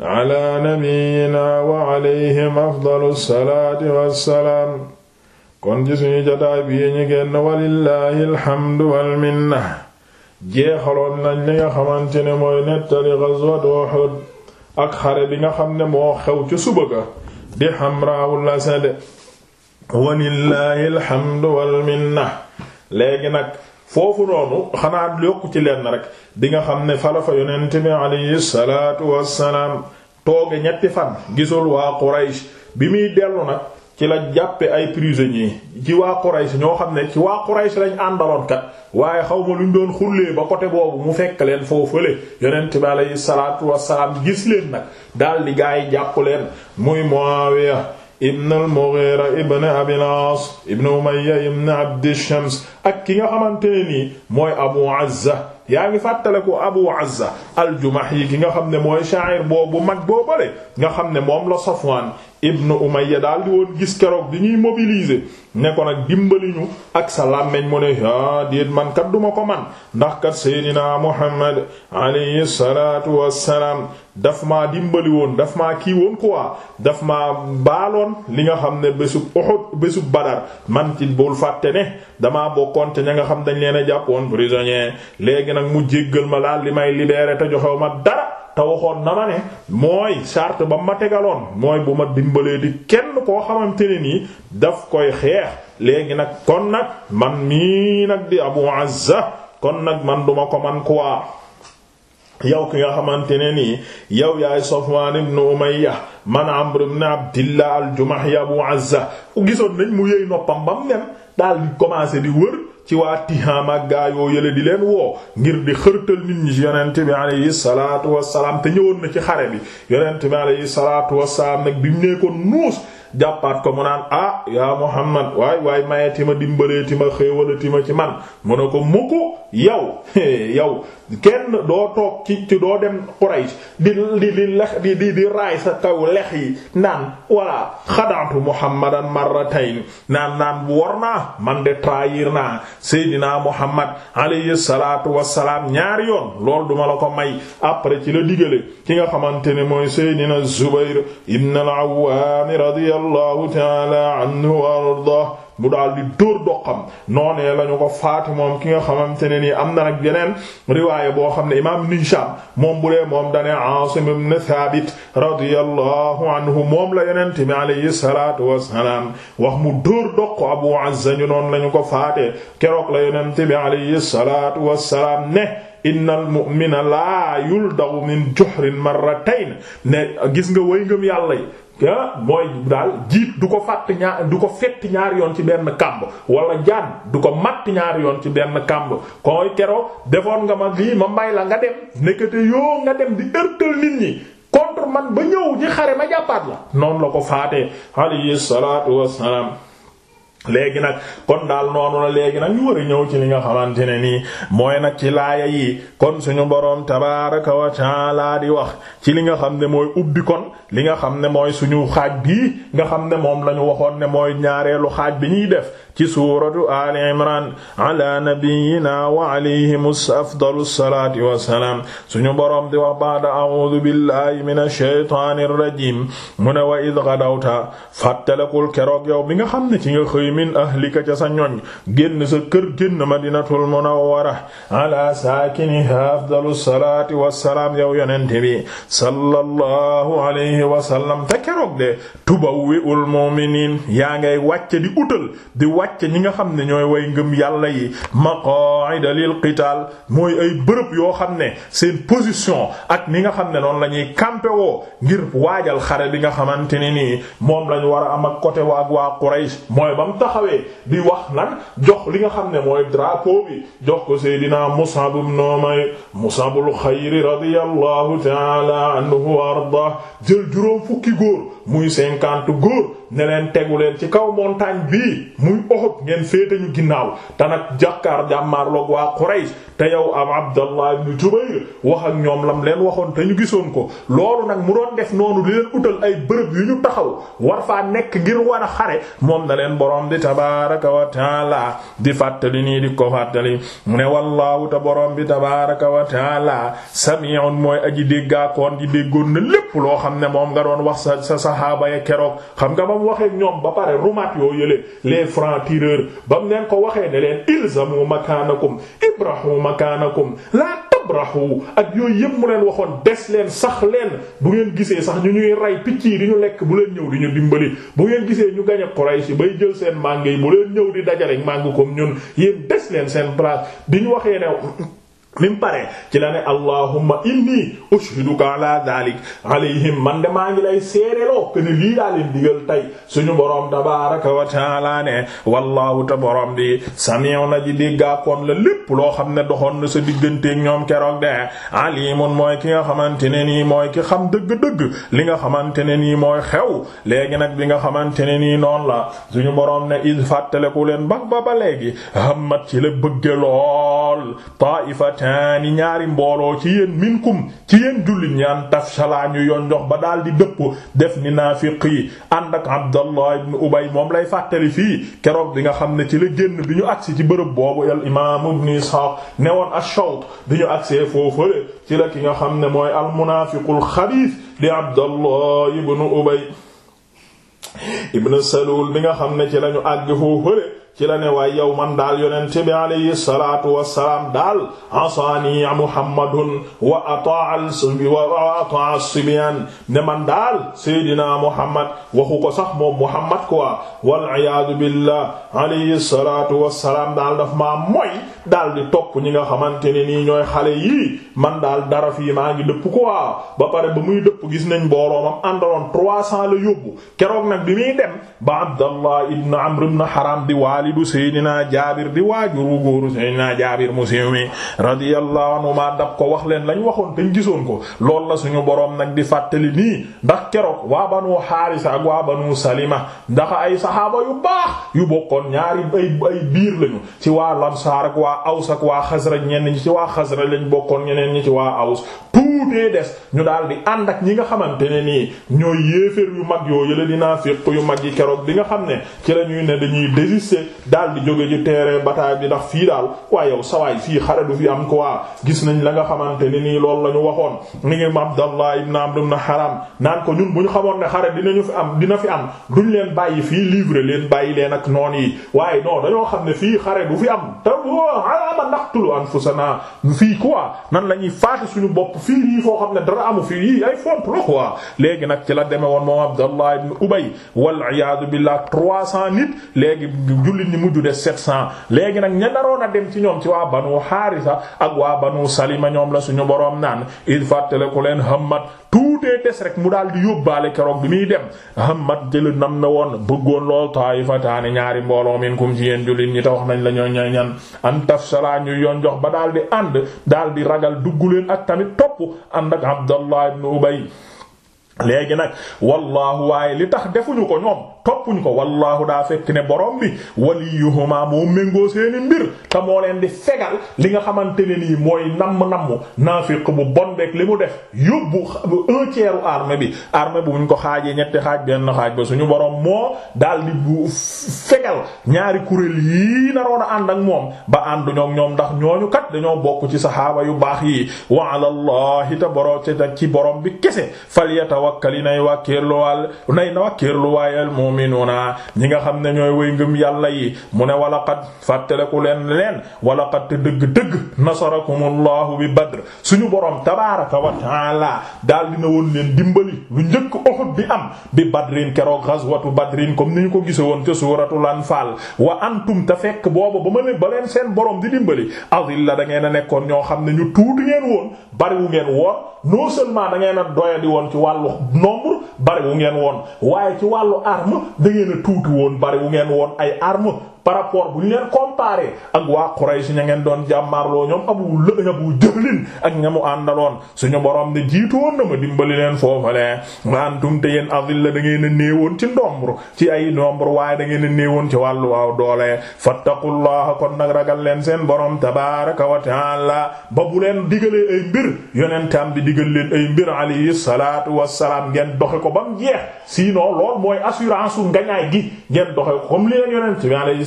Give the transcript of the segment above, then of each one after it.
ala nabiyyina wa alayhim afdalu salaati wassalaam kon ci suñu jotaay bii ñu génn walillahi alhamdu wal minna jeexaloon nañ li nga xamante ne mooy nettali ghazwat ak xare bi nga xam ne moo xew ca suba ga di Hamraa'ul Asad walillahi alhamdu wal minna léegi nag foofu noonu xanaa yokk ci lenn rek di nga xam ne fala fa yonent bi alayhi salaatu wassalaam tooge ñetti fan gisul waa Quraysh bi muy dellu nag ci la jàppe ay prisonniers ci waa Quraysh ñoo xam ne ci waa Quraysh lañ àndaloon waaye xaw ma ñu doon xullee ba côté boobu mu fekk leen foofale yonent bi alayhi salaatu wassalaam gis leen nag daal di gaa yi jàpp leen muy Muawiya ibn al-Mughira ibn Abil Aas ibn Umayya ibn Abdi Shams ak ki nga xamante ne nii mooy Abu Azza yaa ngi fàttaliku Abu Azza al yi gi nga xam ne mooy sha'ir boobu mag boobale nga xam ne moom la Safwan ibnu Umayya daal di woon gis keroog di ñuy mobiliser ne ko nag dimbali ñu ak sa làmmeñ mu ne ah déet man kat duma ko man ndax kat Seydina Muhammad alayhi salaatu wassalaam daf ma dimbali woon daf ma kii woon quoi daf maa baaloon li nga xam ne bésub Uhud bésub Badar man ci bul fàtte ne damaa bokkoon te ña nga xam dañ leen a jàppoon prisonnier nag mu jéggal ma daal li may libéré te joxew ma dara te waxoon na ma ne mooy charte ba ma tegaloon mooy bu ma dimbalee di kenn koo xamante ne nii daf koy xeex léegi nag kon nag man mii nag di Abu Azza kon nag man duma ko man quoi yow ki nga xamante ne nii yow yaay Safwan ibn Umayya man Amr ibn Abdillah al-Jumahi Abu Azza gisoon nañ mu yëy noppam bam nem daal di commencer di wër ci waa Tiham ak gaa yoo di leen woo ngir di xërtal nit ñi ci yonent bi alayhi salaatu wassalaam te ñëwoon na ci xare bi yonent bi alayhi salaatu wassalaam nag bi mu nekkoon nuus jàppaat ko mu naan ah yaa Muhammad waay waay mayeti ma dimbaleeti ma xéewalati ma ci man mu ne ko mukk yow yow kenn doo toog ci ci doo dem Quraysh di di di lex di di di raay sa kaw lex yi naan walla xadaatu Muhammadan marratayn naan naan war man de trahir naa Seydina Muhammad alayhi salaatu wassalaam ñaari yoon lool duma la ko may après ci la digale ki nga xamante ne mooy Seydina Zubayr ibn al-Awwam radiyallahu taala anhu wa ardah mu daal di dóor doqam noonee la ñu ko faati moom ki nga xamante ne nii am na nag yeneen riwaaya boo xam ne imaam Nisham moom bu dee moom dane Aasim ibn Thabit radiyallahu moom la yonent bi alayhi salaatu wassalaam wax mu dóor doq Abu Azza ñu noonu la ñu ko faatee keroog la yonent bi alayhi salaatu wassalaam ne innal mu'mina laa yuldagu min juhrin marratayn ne gis nga way ngëm yàlla yi mooy daal jiit du ko fàtt ñaar du ko fett ñaar yoon ci benn kàmb wala jaan du ko matt ñaar yoon ci benn kàmb koy kero defoon nga ma lii ma mbay la nga dem nekkate yoo nga dem di ërtal nit ñi contre man ba ñëw ci xare ma jàppaat la noonu la ko faatee alayhi salaatu wassalaam léegi nag kon daal noonu la léegi nag ñu war a ñëw ci li nga xamante ne nii mooy nag ci laaya yi kon suñu boroom tabaaraka wa laa di wax ci li nga xam ne mooy ubbi kon li nga xam ne mooy suñu xaaj bii nga xam ne moom la ñu waxoon ne mooy ñaareelu xaaj bi ñuy def ci suuratu ali imran ala nabiyyina wa alayhim afdalu salaati wassalaam suñu boroom di wax baada a'uudu billahi minash shaytaanir rajiim mu ne wa id gadawta fàttalekul keroog yow bi nga xam ne ci nga xëy min ahlika ca sa ñoñ génn sa kër génn madinatul munawwara ala saakiniha afdalu salaati wassalaam yow yonent bi sallallahu alayhi wa sallam te keroog de tubawwi'ul mu'miniin yaa ngay wàcce di utal di wàcce wàcce ñi nga xam ne ñooy way ngëm yàlla yi maqa'ida lil qital mooy ay bërëb yoo xam ne seen position ak ni nga xam ne noon lañuy ñuy campé woo ngir waajal xare bi nga xamante ne nii moom lañu war a am ak côté waa waa Quraysh mooy ba mu taxawee di wax lan jox li nga xam ne mooy drapeau bi jox ko Seydina Mus'ab ibn Umayr Mus'abul xayri radiyallahu ta'ala anhu wa arda jël juróom fukki góor muy cinquante góor ne tegu leen ci kaw montagne bii muy Uhud ngeen féete ñu ginnaaw te nag jàkkaar jàmmaarloog waa Quraysh te yow am Abdallah ibn Jubayr wax ak ñoom lam leen waxoon te ñu gisoon ko loolu nag mu doon def noonu di leen utal ay bërëb yu ñu taxaw war fa nekk ngir war a xare moom na leen borom di tabaaraka wa taala di fàttali nii di ko fàttali mu ne wallaahu te boroom bi tabaaraka wa sa sami'un mooy aji déggaakoon ji déggoon na lépp loo xam ne moom nga doon wax sa sa sahaaba ya keroog xam nga l'empereur ba mu leen ko waxee ne leen ilzamu makaanakum ibrahu makaanakum la tabrahu ak yooyu yëpp mu leen waxoon des leen sax leen bu ngeen gisee sax ñu ñuy rey picc yi di ñu lekk bu leen ñëw di ñu dimbali bu ngeen gisee ñu gañ a Quraysh bay jël seen màng yi bu leen ñëw di dajale màng comme ñun yéen des leen seen bras di ñu waxee ne mi pare ci la ne allahumma inni ushhiduka ala dhalik alayhim man de maa ngi lay seereloo ken lii daa digal tey suñu boroom tabaraka wa taala ne wallahu te bi sami'un na ji déggaakoon la lépp loo xam ne doxoon na sa digganteeg ñoom keroog de alimun mooy ki nga xamante ne nii mooy ki xam dëgg-dëgg li nga xamante ne nii mooy xew léegi nag bi nga xamante ne nii noon la suñu boroom ne is fàttaleku leen ba ba ba léegi hammat ci la bëggeloo waral taa'ifataani ñaari mbooloo ci yéen minkum ci yéen jullit ñi an tafshalaa ñu yoon ba daal di dëpp def ni naafiq yi ànd ak Abdallah ibn Ubay moom lay fàttali fii keroog bi nga xam ne ci la génn bi ñu agsi ci bërëb boobu al imaam ibn Ishaaq ne woon ash-Shawt bi ñu agsee foofale ci la ki nga xam ne mooy al-munaafiqul xabiis di Abdallah ibn Ubay ibn Salul bi nga xam ne ci lañu àgg foofale ci la ne waay yow man daal yonente bi alayhi salaatu wassalaam daal asaani muhammadun wa ataa wa ataa sibyan ne man daal seydina muhammad waxu ko sax moom muhammad quoi wal iyaadu billah alayhi salaatu wassalaam daal daf ma moy daal di topp ñi nga xamante ne nii ñooy xale yii man daal dara fii maa ngi dëpp ko waaw ba pare ba muy dëpp gis nañ mbooloomam àndaloon trois cents la yóbbu keroog nag bi muy dem ba Abdallah ibn Amr ibn Haram di waalidu Seydina Jaabir di waajuru góoru Seydina Jaabir mu siiw mi radiyallahu anhu ma dab ko wax leen lañ waxoon te gisoon ko loolu la suñu boroom nag di fàttali nii ndax keroog waa banu Haarisa ak waa banu Salima ndax ay saxaaba yu baax yu bokkoon ñaari ay waa Aws ak waa Xasraj ñenn ñi ci waa Xasraj lañ bokkoon ñeneen ñi ci waa Aws tuutee des ñu daal di ànd ak ñi nga xamante ne nii ñooy yéeféer yu mag yoo yële dinaa fépp yu mag yi keroog bi nga xam ne ci la ñuy ne dañuy désister daal di jóge ci terrain bataille bi ndax fii daal waaye yow sawaay fii xare du fi am quoi gis nañ la nga xamante ne nii loolu la ñu waxoon ni ngi Abdallah ibn Amr na Haram naan ko ñun bu ñu xamoon ne xare dinañu fi am dina fi am duñ leen bàyyi fii livrer leen bàyyi leen ak noon yi waaye non dañoo xam ne fii xare du fi am alaama naqtulu anfusana fii quoi nan la ñuy faate suñu bopp fii nii foo xam ne dara amu fii yii ay font la quoi léegi nag ci la demee woon moom Abdallah ibn Ubay wal iyaadu billah trois cent nit léegi jullit ñi mujj de sept cent léegi nag ña naroon a dem ci ñoom ci waa banu Haarisa ak waa banu Salima ñoom la suñu boroom naan il fàttale ko leen hammat tuutee des rek mu daal di yóbbaale keroog bi muy dem hammat jëli nam na woon bëggoon lool taayifataani ñaari mbooloo minkum ci yéen jullit ñi te wax nañ la ñoo ñay ñan an tafsala ñu yoon jox ba daal di ànd daal di ragal dugg leen ak tamit topp ànd ak Abdallah ibn Ubay léegi nag wallaahu waaye li tax defuñu ko ñoom toppuñ ko wallaahu daa fekk ne borom bi waliyuhuma moo méngoo seeni mbir te moo leen di fegal li nga xamante ne nii mooy namm-namm naafiq bu bon beeg li mu def yóbbu un tiers u armée bi armée bu ko xaajee ñetti xaaj benn xaaj ba suñu borom moo daal di bu fegal ñaari kuréel yii naroon a ànd ak moom ba àndu ñoom ndax ñooñu kat dañoo bokk ci saxaaba yu baax yi wa ala llahi te ci borom bi kese falyatawakkal nay wàkkeerluwaal nay na wàkkeerluwaayal moom mu'minuuna ñi nga xam ne ñooy way ngëm yàlla yi mu ne wala qad fàttaleku leen leen wala qad te dëgg-dëgg nasarakumullahu bi badr suñu borom tabaaraka wa taala daal dina woon leen dimbali lu njëkk Uhud bi am bi badrin keroog ghazwatu badrin comme ni ñu ko gise woon ca lan anfaal wa antum te fekk boobu ba ma ne ba leen seen borom di dimbali azilla da ngeen a nekkoon ñoo xam ne ñu tuuti ngeen woon bariwu ngeen woon non seulement da ngeen a woon ci wàllu nombre bariwu ngeen woon da ngeen a tuuti woon bari wu ngeen woon ay arme par rapport bu ñu leen comparé ak waa Quraysh ña ngeen doon jàmmarloo ñoom abu lë abu jëlin ak ña mu àndaloon suñu borom ne jiitu woon na ma dimbali leen foofale maantum te yéen avil la da ngeen a néewoon ci ndombre ci ay ndombre waaye da ngeen ci wàllu waaw doole fattaqullaha kon nag ragal leen seen borom tabaraka wa taala ba bu leen digalee ay mbir yonentam bi digal leen ay mbir alayhi wa wasalaam ngeen doxe ko ba mu jeex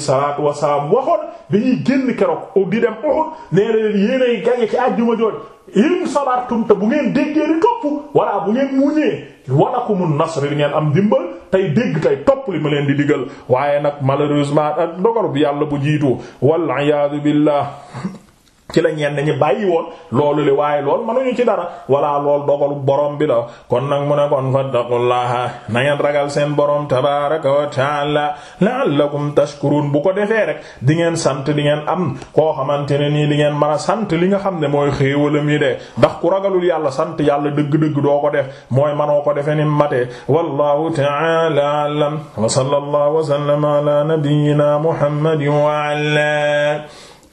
salaatu wasalaam waxoon dañuy génn keroog di dem Uhud nee na leen yéenay gañe ci àjjuma jooj in sabartum bu ngeen déggee di topp walla bu ngeen muñee walakumun nasr di ngeen am dimbal tey dégg tey topp li ma leen di digal waaye nag malheureusement ak ndogalu bi yàlla bu jiitu wal iyaadu billah ci la ñenn ñi bàyyi woon loolu li waaye lool mënuñu ci dara walla lool dogalu borom bi la kon nag mu ne kon fattaqullaha na nangeen ragal seen borom tabaaraka wa taala la'allakum tashkurun bu ko defee rek di ngeen sant di ngeen am koo xamante ne nii di ngeen mën sant li nga xam ne mooy xéewalam yi de ndax ku ragalul yàlla sant yàlla dëgg-dëgg doo ko def mooy manoo ko defe ni matee wallahu taala alam wa sallallahu wa sallama ala nabiyyina muhammadin wa ala